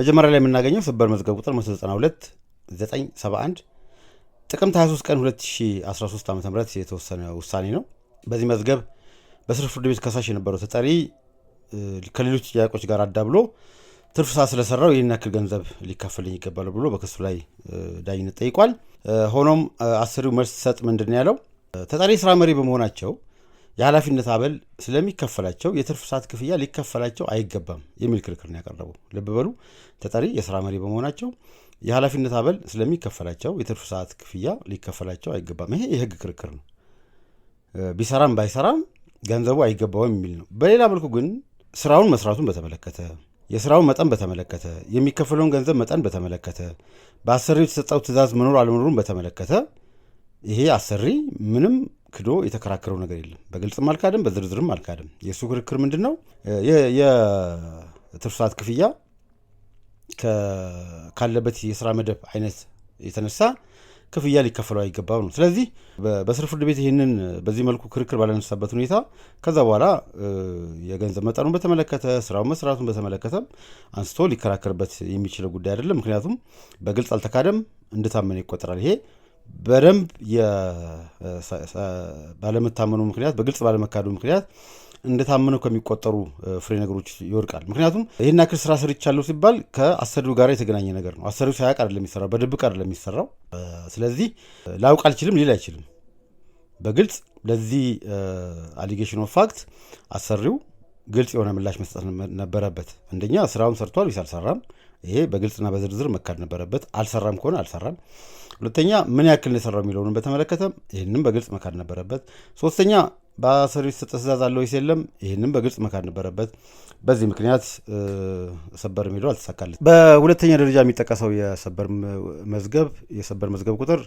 መጀመሪያ ላይ የምናገኘው ሰበር መዝገብ ቁጥር 192 971 ጥቅምት 23 ቀን 2013 ዓ ም የተወሰነ ውሳኔ ነው። በዚህ መዝገብ በስር ፍርድ ቤት ከሳሽ የነበረው ተጠሪ ከሌሎች ጥያቄዎች ጋር አዳብሎ ትርፍ ሰዓት ስለሰራው ይህን ያክል ገንዘብ ሊካፈልኝ ይገባል ብሎ በክሱ ላይ ዳኝነት ጠይቋል። ሆኖም አስሪው መልስ ሲሰጥ ምንድን ነው ያለው? ተጠሪ ስራ መሪ በመሆናቸው የኃላፊነት አበል ስለሚከፈላቸው የትርፍ ሰዓት ክፍያ ሊከፈላቸው አይገባም የሚል ክርክር ነው ያቀረቡ ልብ በሉ ተጠሪ የስራ መሪ በመሆናቸው የኃላፊነት አበል ስለሚከፈላቸው የትርፍ ሰዓት ክፍያ ሊከፈላቸው አይገባም። ይሄ የህግ ክርክር ነው። ቢሰራም ባይሰራም ገንዘቡ አይገባውም የሚል ነው። በሌላ መልኩ ግን ስራውን መስራቱን በተመለከተ የስራውን መጠን በተመለከተ የሚከፈለውን ገንዘብ መጠን በተመለከተ በአሰሪው የተሰጠው ትዕዛዝ መኖር አለመኖሩን በተመለከተ ይሄ አሰሪ ምንም ክዶ የተከራከረው ነገር የለም። በግልጽም አልካድም፣ በዝርዝርም አልካድም። የእሱ ክርክር ምንድን ነው? የትርፍ ሰዓት ክፍያ ካለበት የስራ መደብ አይነት የተነሳ ክፍያ ሊከፈለው አይገባም ነው። ስለዚህ በስር ፍርድ ቤት ይህንን በዚህ መልኩ ክርክር ባለነሳበት ሁኔታ ከዛ በኋላ የገንዘብ መጠኑን በተመለከተ ስራው መስራቱን በተመለከተ አንስቶ ሊከራከርበት የሚችለው ጉዳይ አይደለም። ምክንያቱም በግልጽ አልተካደም፣ እንደታመነ ይቆጠራል። ይሄ በደንብ ባለመታመኑ ምክንያት በግልጽ ባለመካዱ ምክንያት እንደታመኑ ከሚቆጠሩ ፍሬ ነገሮች ይወድቃል። ምክንያቱም ይህን ያክል ስራ ሰርቻለሁ ሲባል ከአሰሪው ጋር የተገናኘ ነገር ነው። አሰሪው ሳያውቅ አይደለም የሚሰራው፣ በድብቅ አይደለም የሚሰራው። ስለዚህ ላውቅ አልችልም ሊል አይችልም። በግልጽ ለዚህ አሊጌሽን ኦፍ ፋክት አሰሪው ግልጽ የሆነ ምላሽ መስጠት ነበረበት። አንደኛ ስራውን ሰርቷል ወይስ አልሰራም? ይሄ በግልጽና በዝርዝር መካድ ነበረበት። አልሰራም ከሆነ አልሰራም። ሁለተኛ ምን ያክል ነው የሰራው የሚለውን በተመለከተ ይህንም በግልጽ መካድ ነበረበት። ሶስተኛ በአሰሪው የተሰጠ ትእዛዝ አለ ወይስ የለም? ይህንም በግልጽ መካድ ነበረበት። በዚህ ምክንያት ሰበር የሚለው አልተሳካለት። በሁለተኛ ደረጃ የሚጠቀሰው የሰበር መዝገብ የሰበር መዝገብ ቁጥር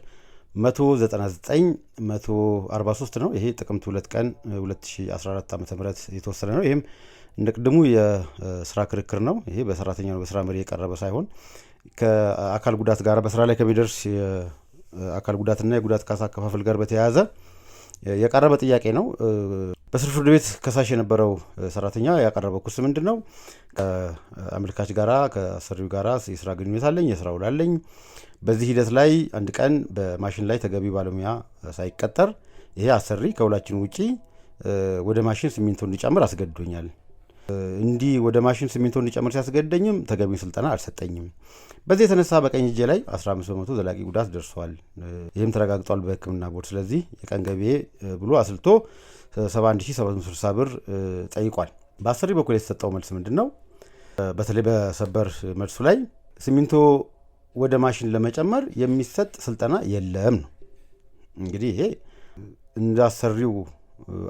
199 143 ነው። ይሄ ጥቅምት ሁለት ቀን 2014 ዓ ም የተወሰነ ነው። ይህም እንደ ቅድሙ የስራ ክርክር ነው። ይሄ በሰራተኛ በስራ መሪ የቀረበ ሳይሆን ከአካል ጉዳት ጋር በስራ ላይ ከሚደርስ የአካል ጉዳትና የጉዳት ካሳ አከፋፈል ጋር በተያያዘ የቀረበ ጥያቄ ነው። በስር ፍርድ ቤት ከሳሽ የነበረው ሰራተኛ ያቀረበው ክስ ምንድን ነው? ከአመልካች ጋራ ከአሰሪው ጋራ የስራ ግንኙነት አለኝ፣ የስራ ውል አለኝ በዚህ ሂደት ላይ አንድ ቀን በማሽን ላይ ተገቢ ባለሙያ ሳይቀጠር ይሄ አሰሪ ከሁላችን ውጪ ወደ ማሽን ሲሚንቶ እንዲጨምር አስገድዶኛል። እንዲህ ወደ ማሽን ሲሚንቶ እንዲጨምር ሲያስገደኝም ተገቢውን ስልጠና አልሰጠኝም። በዚህ የተነሳ በቀኝ እጄ ላይ 15 በመቶ ዘላቂ ጉዳት ደርሷል። ይህም ተረጋግጧል በሕክምና ቦርድ። ስለዚህ የቀን ገቢዬ ብሎ አስልቶ 71760 ብር ጠይቋል። በአሰሪ በኩል የተሰጠው መልስ ምንድን ነው? በተለይ በሰበር መልሱ ላይ ሲሚንቶ ወደ ማሽን ለመጨመር የሚሰጥ ስልጠና የለም ነው። እንግዲህ ይሄ እንዳሰሪው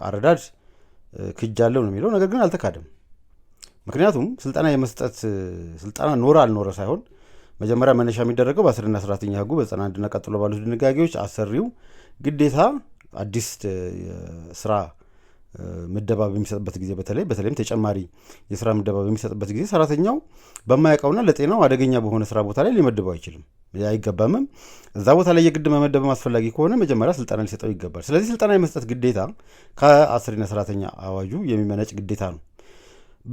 አረዳድ ክጃለው ነው የሚለው ነገር ግን አልተካደም። ምክንያቱም ስልጠና የመስጠት ስልጠና ኖረ አልኖረ ሳይሆን መጀመሪያ መነሻ የሚደረገው በአስርና ሰራተኛ ህጉ በዘጠና አንድና ቀጥሎ ባሉት ድንጋጌዎች አሰሪው ግዴታ አዲስ ስራ ምደባ በሚሰጥበት ጊዜ በተለይ በተለይም ተጨማሪ የስራ ምደባ በሚሰጥበት ጊዜ ሰራተኛው በማያውቀውና ለጤናው አደገኛ በሆነ ስራ ቦታ ላይ ሊመድበው አይችልም፣ አይገባምም። እዛ ቦታ ላይ የግድ መመደብም አስፈላጊ ከሆነ መጀመሪያ ስልጠና ሊሰጠው ይገባል። ስለዚህ ስልጠና የመስጠት ግዴታ ከአሰሪና ሰራተኛ አዋጁ የሚመነጭ ግዴታ ነው።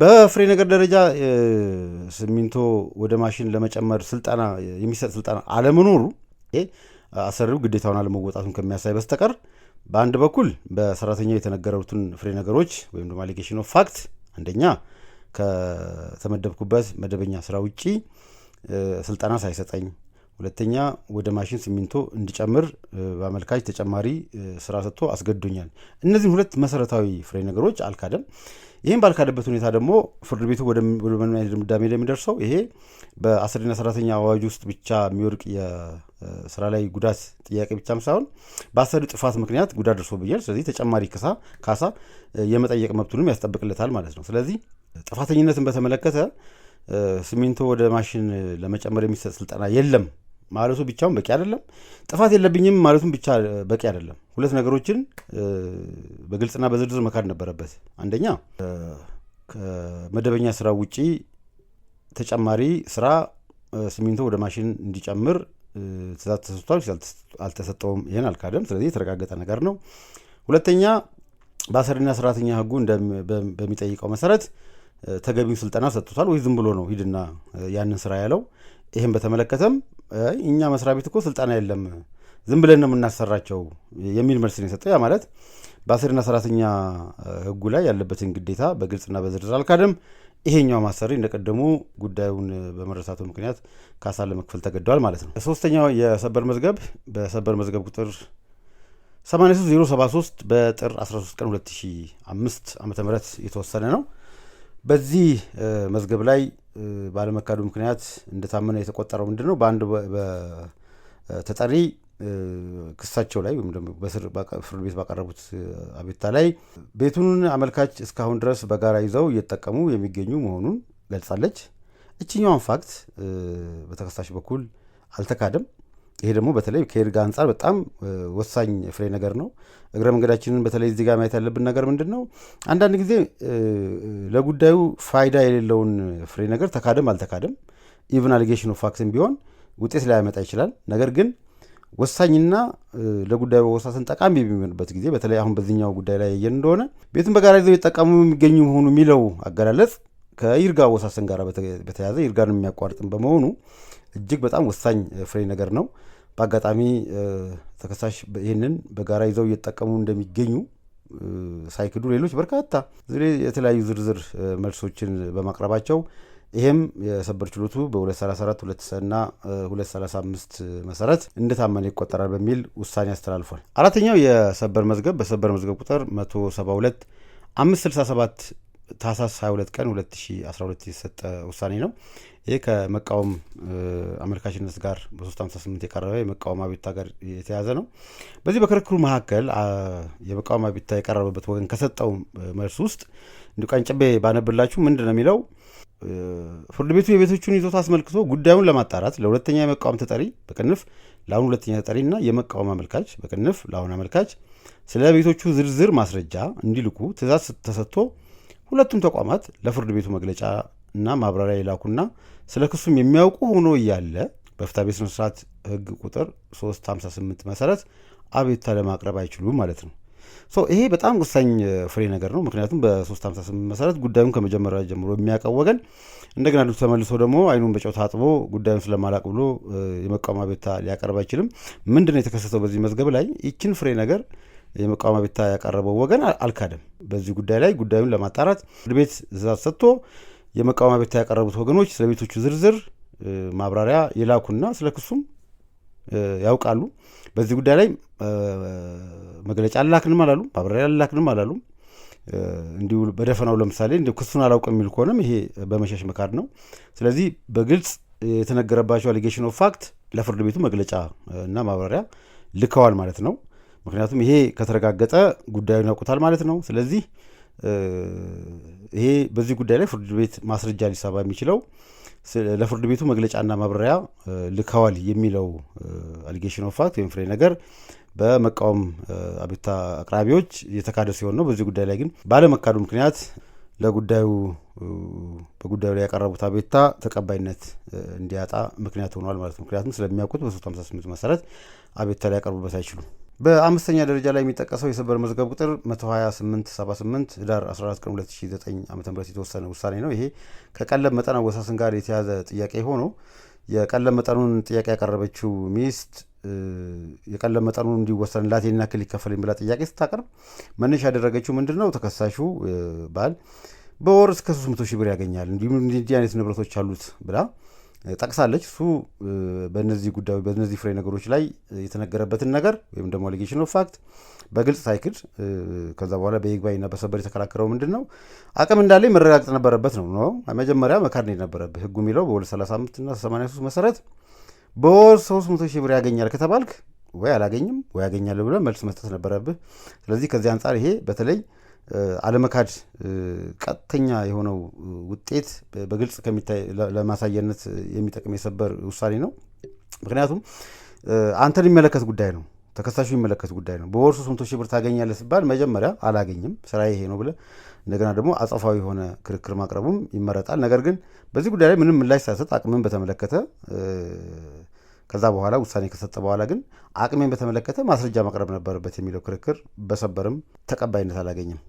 በፍሬ ነገር ደረጃ ሲሚንቶ ወደ ማሽን ለመጨመር ስልጠና የሚሰጥ ስልጠና አለመኖሩ አሰሪው ግዴታውን አለመወጣቱን ከሚያሳይ በስተቀር በአንድ በኩል በሰራተኛው የተነገሩትን ፍሬ ነገሮች ወይም ደሞ አሊጌሽን ኦፍ ፋክት አንደኛ ከተመደብኩበት መደበኛ ስራ ውጪ ስልጠና ሳይሰጠኝ፣ ሁለተኛ ወደ ማሽን ሲሚንቶ እንዲጨምር በአመልካች ተጨማሪ ስራ ሰጥቶ አስገዶኛል እነዚህን ሁለት መሰረታዊ ፍሬ ነገሮች አልካደም። ይህም ባልካደበት ሁኔታ ደግሞ ፍርድ ቤቱ ወደ ምን አይነት ድምዳሜ እንደሚደርሰው ይሄ በአስረኛ ሰራተኛ አዋጅ ውስጥ ብቻ የሚወድቅ የስራ ላይ ጉዳት ጥያቄ ብቻም ሳይሆን በአሰሪ ጥፋት ምክንያት ጉዳት ደርሶብኛል፣ ስለዚህ ተጨማሪ ክሳ ካሳ የመጠየቅ መብቱንም ያስጠብቅለታል ማለት ነው። ስለዚህ ጥፋተኝነትን በተመለከተ ሲሚንቶ ወደ ማሽን ለመጨመር የሚሰጥ ስልጠና የለም ማለቱ ብቻውን በቂ አይደለም። ጥፋት የለብኝም ማለቱም ብቻ በቂ አይደለም። ሁለት ነገሮችን በግልጽና በዝርዝር መካድ ነበረበት። አንደኛ ከመደበኛ ስራ ውጪ ተጨማሪ ስራ ሲሚንቶ ወደ ማሽን እንዲጨምር ትእዛዝ ተሰጥቷል፣ አልተሰጠውም። ይህን አልካደም። ስለዚህ የተረጋገጠ ነገር ነው። ሁለተኛ በአሰሪና ሰራተኛ ህጉ በሚጠይቀው መሰረት ተገቢው ስልጠና ሰጥቷል ወይ ዝም ብሎ ነው ሂድና ያንን ስራ ያለው? ይህም በተመለከተም እኛ መስሪያ ቤት እኮ ስልጠና የለም ዝም ብለን ነው የምናሰራቸው የሚል መልስ ነው የሰጠው። ያ ማለት በአስርና ሰራተኛ ህጉ ላይ ያለበትን ግዴታ በግልጽና በዝርዝር አልካደም። ይሄኛው ማሰሪ እንደቀደሙ ጉዳዩን በመረሳቱ ምክንያት ካሳ ለመክፈል ተገደዋል ማለት ነው። ሶስተኛው የሰበር መዝገብ በሰበር መዝገብ ቁጥር 83073 በጥር 13 ቀን 2005 ዓ ም የተወሰነ ነው። በዚህ መዝገብ ላይ ባለመካዱ ምክንያት እንደታመነ የተቆጠረው ምንድን ነው? በአንድ ተጠሪ ክሳቸው ላይ ወይም ደግሞ ፍርድ ቤት ባቀረቡት አቤታ ላይ ቤቱን አመልካች እስካሁን ድረስ በጋራ ይዘው እየተጠቀሙ የሚገኙ መሆኑን ገልጻለች። እችኛዋን ፋክት በተከሳሽ በኩል አልተካደም። ይሄ ደግሞ በተለይ ከሄድጋ አንጻር በጣም ወሳኝ ፍሬ ነገር ነው። እግረ መንገዳችንን በተለይ እዚህ ጋር ማየት ያለብን ነገር ምንድን ነው? አንዳንድ ጊዜ ለጉዳዩ ፋይዳ የሌለውን ፍሬ ነገር ተካደም አልተካደም ኢቭን አሊጌሽን ኦፍ ፋክትም ቢሆን ውጤት ላያመጣ ይችላል። ነገር ግን ወሳኝና ለጉዳዩ በወሳሰን ጠቃሚ የሚሆንበት ጊዜ በተለይ አሁን በዚህኛው ጉዳይ ላይ ያየን እንደሆነ ቤቱን በጋራ ይዘው የጠቀሙ የሚገኙ መሆኑ የሚለው አገላለጽ ከይርጋ ወሳሰን ጋር በተያያዘ ይርጋን የሚያቋርጥን በመሆኑ እጅግ በጣም ወሳኝ ፍሬ ነገር ነው። በአጋጣሚ ተከሳሽ ይህንን በጋራ ይዘው እየተጠቀሙ እንደሚገኙ ሳይክዱ ሌሎች በርካታ የተለያዩ ዝርዝር መልሶችን በማቅረባቸው ይሄም የሰበር ችሎቱ በ234 2 235 መሰረት እንደታመነ ይቆጠራል በሚል ውሳኔ አስተላልፏል። አራተኛው የሰበር መዝገብ በሰበር መዝገብ ቁጥር 172 567 ታህሳስ 22 ቀን 2012 የተሰጠ ውሳኔ ነው። ይህ ከመቃወም አመልካችነት ጋር በ358 የቀረበ የመቃወም አቤቱታ ጋር የተያዘ ነው። በዚህ በክርክሩ መካከል የመቃወም አቤቱታ የቀረበበት ወገን ከሰጠው መልስ ውስጥ እንዲ ቀንጭቤ ባነብላችሁ ምንድን ነው የሚለው? ፍርድ ቤቱ የቤቶቹን ይዞታ አስመልክቶ ጉዳዩን ለማጣራት ለሁለተኛ የመቃወም ተጠሪ በቅንፍ ለአሁን ሁለተኛ ተጠሪ እና የመቃወም አመልካች በቅንፍ ለአሁን አመልካች ስለ ቤቶቹ ዝርዝር ማስረጃ እንዲልኩ ትእዛዝ ተሰጥቶ ሁለቱም ተቋማት ለፍርድ ቤቱ መግለጫ እና ማብራሪያ የላኩና ስለ ክሱም የሚያውቁ ሆኖ እያለ በፍታ ቤት ስነስርዓት ህግ ቁጥር 358 መሰረት አቤቱታ ለማቅረብ አይችሉም ማለት ነው። ይሄ በጣም ወሳኝ ፍሬ ነገር ነው። ምክንያቱም በ358 መሰረት ጉዳዩን ከመጀመሪያ ጀምሮ የሚያውቀው ወገን እንደገና ተመልሶ ደግሞ አይኑን በጨው ታጥቦ ጉዳዩን ስለማላቅ ብሎ የመቃወም አቤቱታ ሊያቀርብ አይችልም። ምንድን ነው የተከሰተው? በዚህ መዝገብ ላይ ይችን ፍሬ ነገር የመቃወሚያ ቤታ ያቀረበው ወገን አልካደም። በዚህ ጉዳይ ላይ ጉዳዩን ለማጣራት ፍርድ ቤት ትዕዛዝ ሰጥቶ የመቃወሚያ ቤታ ያቀረቡት ወገኖች ስለ ቤቶቹ ዝርዝር ማብራሪያ የላኩና ስለ ክሱም ያውቃሉ። በዚህ ጉዳይ ላይ መግለጫ አላክንም አላሉ ማብራሪያ አላክንም አላሉ እንዲሁ በደፈናው ለምሳሌ እንዲሁ ክሱን አላውቅም የሚል ከሆነም ይሄ በመሸሽ መካድ ነው። ስለዚህ በግልጽ የተነገረባቸው አሊጌሽን ኦፍ ፋክት ለፍርድ ቤቱ መግለጫ እና ማብራሪያ ልከዋል ማለት ነው። ምክንያቱም ይሄ ከተረጋገጠ ጉዳዩን ያውቁታል ማለት ነው። ስለዚህ ይሄ በዚህ ጉዳይ ላይ ፍርድ ቤት ማስረጃ ሊሰባ የሚችለው ለፍርድ ቤቱ መግለጫና ማብራሪያ ልከዋል የሚለው አሊጌሽን ኦፍ ፋክት ወይም ፍሬ ነገር በመቃወም አቤቱታ አቅራቢዎች የተካደ ሲሆን ነው። በዚህ ጉዳይ ላይ ግን ባለመካዱ ምክንያት ለጉዳዩ በጉዳዩ ላይ ያቀረቡት አቤቱታ ተቀባይነት እንዲያጣ ምክንያት ሆኗል ማለት ነው። ምክንያቱም ስለሚያውቁት በ358 መሰረት አቤቱታ ላይ ያቀርቡበት አይችሉም። በአምስተኛ ደረጃ ላይ የሚጠቀሰው የሰበር መዝገብ ቁጥር 12878 ህዳር 14 ቀን 2009 ዓ ም የተወሰነ ውሳኔ ነው። ይሄ ከቀለብ መጠን አወሳሰን ጋር የተያዘ ጥያቄ ሆኖ የቀለብ መጠኑን ጥያቄ ያቀረበችው ሚስት የቀለብ መጠኑ እንዲወሰንላት ይህን ያክል ይከፈልኝ ብላ ጥያቄ ስታቀርብ መነሻ ያደረገችው ምንድን ነው? ተከሳሹ ባል በወር እስከ 300 ሺህ ብር ያገኛል እንዲህ አይነት ንብረቶች አሉት ብላ ጠቅሳለች። እሱ በነዚህ ጉዳዩ በነዚህ ፍሬ ነገሮች ላይ የተነገረበትን ነገር ወይም ደግሞ አሊጌሽን ኦፍ ፋክት በግልጽ ሳይክድ ከዛ በኋላ በይግባኝና በሰበር የተከራከረው ምንድን ነው አቅም እንዳለ መረጋገጥ ነበረበት ነው ነው መጀመሪያ መካድ ነበረብህ ህጉ የሚለው በወል 35 እና 83 መሰረት በወር 300 ሺህ ብር ያገኛል ከተባልክ ወይ አላገኝም ወይ ያገኛል ብለህ መልስ መስጠት ነበረብህ። ስለዚህ ከዚህ አንጻር ይሄ በተለይ አለመካድ ቀጥተኛ የሆነው ውጤት በግልጽ ከሚታይ ለማሳየነት የሚጠቅም የሰበር ውሳኔ ነው። ምክንያቱም አንተን የሚመለከት ጉዳይ ነው፣ ተከሳሹ የሚመለከት ጉዳይ ነው። በወርሱ ሶስት ሺህ ብር ታገኛለህ ሲባል መጀመሪያ አላገኝም ስራ ይሄ ነው ብለህ እንደገና ደግሞ አጸፋዊ የሆነ ክርክር ማቅረቡም ይመረጣል። ነገር ግን በዚህ ጉዳይ ላይ ምንም ምላሽ ሳይሰጥ አቅምን በተመለከተ ከዛ በኋላ ውሳኔ ከሰጠ በኋላ ግን አቅሜን በተመለከተ ማስረጃ ማቅረብ ነበረበት የሚለው ክርክር በሰበርም ተቀባይነት አላገኝም።